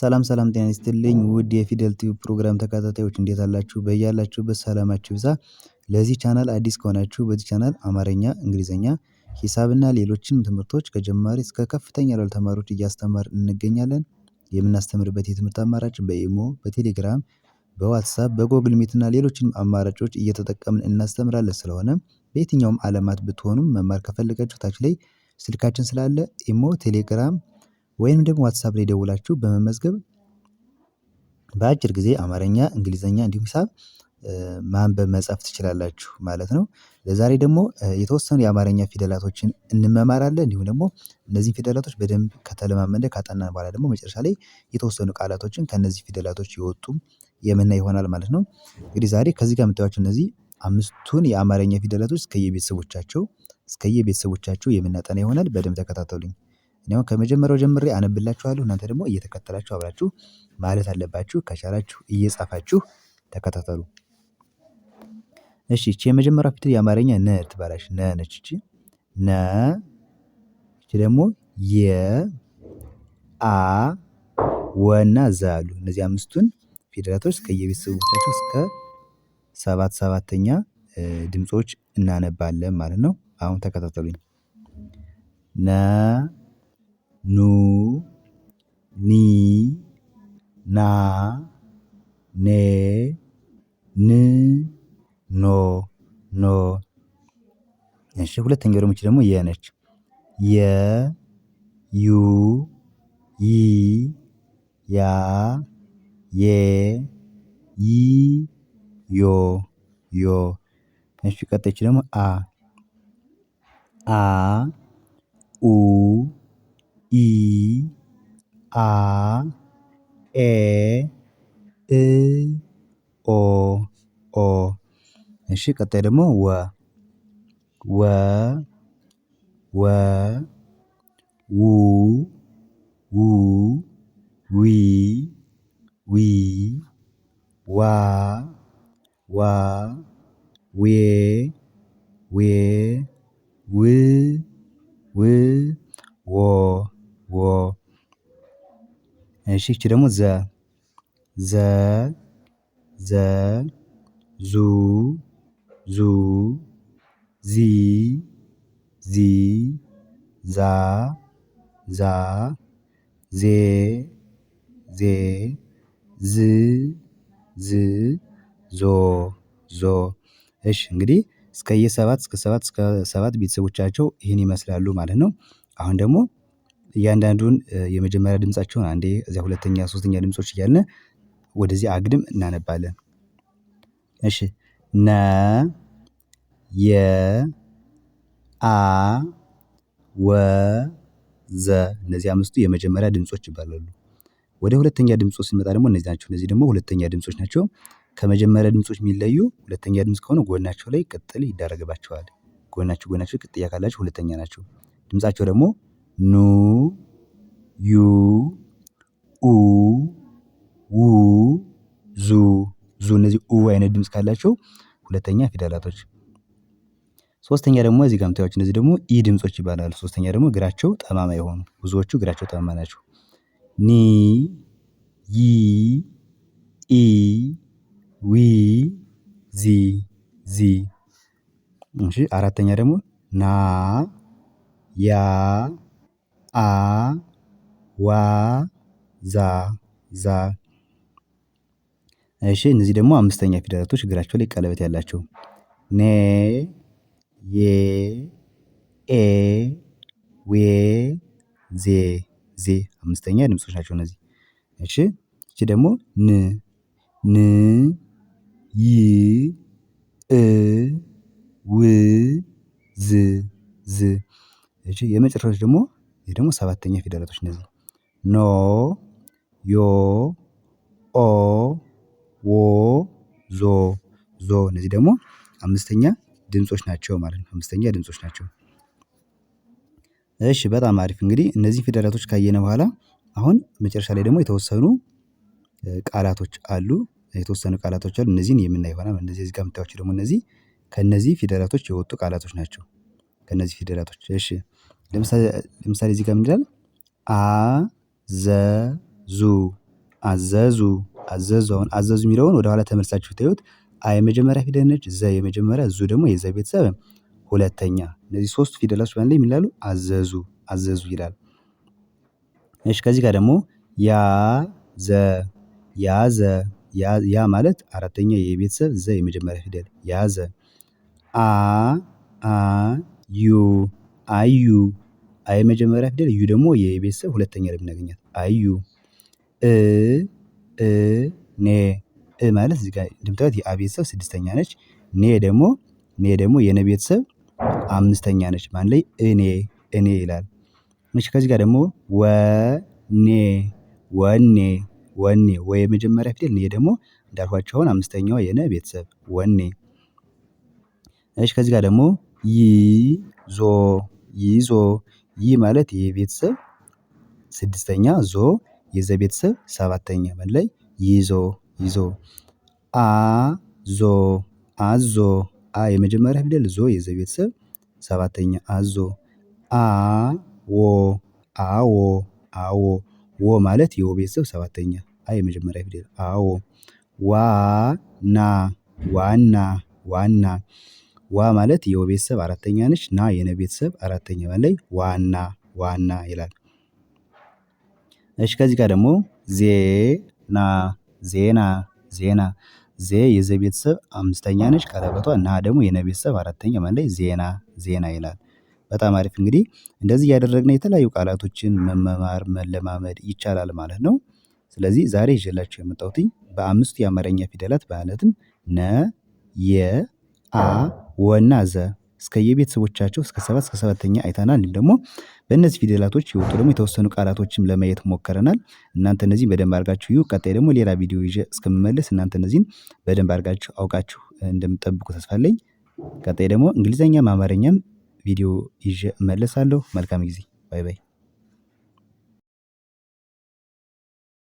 ሰላም ሰላም ጤና ይስጥልኝ ውድ የፊደል ቲዩብ ፕሮግራም ተከታታዮች እንዴት አላችሁ በያላችሁበት ሰላማችሁ ይብዛ። ለዚህ ቻናል አዲስ ከሆናችሁ በዚህ ቻናል አማርኛ እንግሊዘኛ ሂሳብና ሌሎችንም ትምህርቶች ከጀማሪ እስከ ከፍተኛ ላሉ ተማሪዎች እያስተማር እንገኛለን። የምናስተምርበት የትምህርት አማራጭ በኢሞ በቴሌግራም በዋትሳፕ በጎግል ሚት ሌሎችን አማራጮች እየተጠቀምን እናስተምራለን። ስለሆነ በየትኛውም አለማት ብትሆኑም መማር ከፈለጋችሁ ታች ላይ ስልካችን ስላለ ኢሞ ቴሌግራም ወይም ደግሞ ዋትሳፕ ላይ ደውላችሁ በመመዝገብ በአጭር ጊዜ አማርኛ እንግሊዘኛ እንዲሁም ሂሳብ ማንበብ መጻፍ ትችላላችሁ ማለት ነው። ለዛሬ ደግሞ የተወሰኑ የአማርኛ ፊደላቶችን እንመማራለን እንዲሁም ደግሞ እነዚህን ፊደላቶች በደንብ ከተለማመደ ካጠናን በኋላ ደግሞ መጨረሻ ላይ የተወሰኑ ቃላቶችን ከነዚህ ፊደላቶች የወጡ የምና ይሆናል ማለት ነው። እንግዲህ ዛሬ ከዚህ ጋር የምታዩቸው እነዚህ አምስቱን የአማርኛ ፊደላቶች እስከየቤተሰቦቻቸው እስከየቤተሰቦቻቸው የምናጠና ይሆናል። በደንብ ተከታተሉኝ እኔ ከመጀመሪያው ጀምሬ አነብላችኋለሁ እናንተ ደግሞ እየተከተላችሁ አብራችሁ ማለት አለባችሁ ከቻላችሁ እየጻፋችሁ ተከታተሉ። እሺ ይቺ የመጀመሪያ ፊደል የአማርኛ ነ ትባላለች ነ ነች እቺ ነ ይቺ ደግሞ የ አ ወና ዛሉ እነዚህ አምስቱን ፊደላቶች ከየቤተሰቦቻቸው እስከ ሰባት ሰባተኛ ድምጾች እናነባለን ማለት ነው። አሁን ተከታተሉኝ ነ ኑ ኒ ና ኔ ን ኖ ኖ። እሺ ሁለተኛው ደግሞ ደግሞ የነች ነች። የ ዩ ይ ያ የ ይ ዮ ዮ። እሺ ቀጣይች ደግሞ አ አ ኡ ኢ አ ኤ እ ኦ ኦ እሺ ቀጣይ ደግሞ ወ ወ ወ ዉ ዉ ዊ ዊ ዋ ዋ ዌ ዌ ው እሺ እቺ ደግሞ ዘ ዘ ዘ ዙ ዙ ዚ ዚ ዛ ዛ ዜ ዜ ዝ ዝ ዞ ዞ እሺ እንግዲህ እስከ የሰባት እስከ ሰባት እስከ ሰባት ቤተሰቦቻቸው ይህን ይመስላሉ ማለት ነው። አሁን ደግሞ እያንዳንዱን የመጀመሪያ ድምፃቸውን አንዴ እዚያ ሁለተኛ ሶስተኛ ድምጾች እያልን ወደዚህ አግድም እናነባለን። እሺ ነ የ አ ወ ዘ እነዚህ አምስቱ የመጀመሪያ ድምጾች ይባላሉ። ወደ ሁለተኛ ድምጾች ስንመጣ ደግሞ እነዚህ ናቸው። እነዚህ ደግሞ ሁለተኛ ድምጾች ናቸው። ከመጀመሪያ ድምጾች የሚለዩ ሁለተኛ ድምጽ ከሆነ ጎናቸው ላይ ቅጥል ይደረግባቸዋል። ጎናቸው ጎናቸው ቅጥያ ካላቸው ሁለተኛ ናቸው። ድምፃቸው ደግሞ ኑ ዩ ኡ ው ዙ ዙ እነዚህ ኡ አይነት ድምጽ ካላቸው ሁለተኛ ፊደላቶች። ሶስተኛ ደግሞ እዚህ ጋር የምታዩዋቸው እነዚህ ደግሞ ኢ ድምጾች ይባላሉ። ሶስተኛ ደግሞ እግራቸው ጠማማ የሆኑ ብዙዎቹ እግራቸው ጠማማ ናቸው። ኒ ይ ኢ ዊ ዚ ዚ። እሺ አራተኛ ደግሞ ና ያ አ ዋ ዛ ዛ እሺ እነዚህ ደግሞ አምስተኛ ፊደላቶች እግራቸው ላይ ቀለበት ያላቸው ኔ ዬ ኤ ዌ ዜ ዜ አምስተኛ ድምጾች ናቸው። እነዚህ እሺ እቺ ደግሞ ን ን ይ እ ው ዝ ዝ እሺ የመጨረሻዎች ደግሞ ይህ ደግሞ ሰባተኛ ፊደላቶች እነዚህ ኖ ዮ ኦ ዎ ዞ ዞ እነዚህ ደግሞ አምስተኛ ድምጾች ናቸው ማለት ነው። አምስተኛ ድምጾች ናቸው። እሺ በጣም አሪፍ እንግዲህ እነዚህ ፊደላቶች ካየነ በኋላ አሁን መጨረሻ ላይ ደግሞ የተወሰኑ ቃላቶች አሉ። የተወሰኑ ቃላቶች አሉ። እነዚህን የምናይ ይሆናል። እነዚህ እዚህ ጋር የምታዩቸው ደግሞ እነዚህ ከእነዚህ ፊደላቶች የወጡ ቃላቶች ናቸው። ከእነዚህ ፊደላቶች እሺ ለምሳሌ እዚህ ጋር ምን ይላል? አዘዙ አዘዙ አሁን አዘዙ የሚለውን ወደኋላ ተመልሳችሁ ታዩት። አ የመጀመሪያ ፊደል ነች። ዘ የመጀመሪያ ዙ ደግሞ የዘ ቤተሰብ ሁለተኛ። እነዚህ ሶስቱ ፊደላች በአንድ ላይ የሚላሉ አዘዙ አዘዙ ይላል። እሺ ከዚህ ጋር ደግሞ ያዘ ዘ ያዘ ያ ማለት አራተኛ የቤተሰብ ዘ የመጀመሪያ ፊደል ያዘ። አ አ ዩ አዩ አይ መጀመሪያ ፊደል እዩ ደግሞ የቤተሰብ ሁለተኛ ላይ የምናገኛት አዩ። እ እ ኔ እ ማለት እዚህ ጋር እንደምታዩት የአ ቤተሰብ ስድስተኛ ነች። ኔ ደግሞ ኔ ደግሞ የነ ቤተሰብ አምስተኛ ነች። ማን ላይ እኔ እኔ ይላል። እሺ ከዚህ ጋር ደግሞ ወኔ ወኔ ወኔ ወ የመጀመሪያ ፊደል ኔ ደግሞ እንዳልኳቸው አሁን አምስተኛዋ የነ ቤተሰብ ወኔ። እሺ ከዚህ ጋር ደግሞ ይዞ ይዞ ይህ ማለት ይህ ቤተሰብ ስድስተኛ ዞ የዘ ቤተሰብ ሰባተኛ ምን ላይ ይዞ ይዞ አ ዞ አዞ አ የመጀመሪያ ፊደል ዞ የዘ ቤተሰብ ሰባተኛ አዞ አ ዎ አዎ አዎ ዎ ማለት የወ ቤተሰብ ሰባተኛ አ የመጀመሪያ ፊደል አዎ ዋ ና ዋና ዋና ዋ ማለት የወ ቤተሰብ አራተኛ ነች። ና የነ ቤተሰብ አራተኛ ላይ ዋና ዋና ይላል። እሺ ከዚህ ጋር ደግሞ ዜና ዜና ዜና ዜ የዘ ቤተሰብ አምስተኛ ነች። ቀለበቷ ና ደግሞ የነ ቤተሰብ አራተኛ ማለት ዜና ዜና ይላል። በጣም አሪፍ እንግዲህ እንደዚህ እያደረግን የተለያዩ ቃላቶችን መመማር መለማመድ ይቻላል ማለት ነው። ስለዚህ ዛሬ ይዤላችሁ የመጣሁት በአምስቱ የአማርኛ ፊደላት ማለትም ነ፣ የ፣ አ ወና ዘ የቤተሰቦቻቸው እስከ ሰባት እስከ ሰባተኛ አይተናል። እንዲሁም ደግሞ በእነዚህ ፊደላቶች የወጡ ደግሞ የተወሰኑ ቃላቶችም ለማየት ሞከረናል። እናንተ እነዚህን በደንብ አድርጋችሁ ይሁ ቀጣይ ደግሞ ሌላ ቪዲዮ ይዤ እስከምመለስ እናንተ እነዚህን በደንብ አድርጋችሁ አውቃችሁ እንደምጠብቁ ተስፋለኝ ቀጣይ ደግሞ እንግሊዝኛም አማርኛም ቪዲዮ ይዤ እመለሳለሁ። መልካም ጊዜ። ባይ ባይ።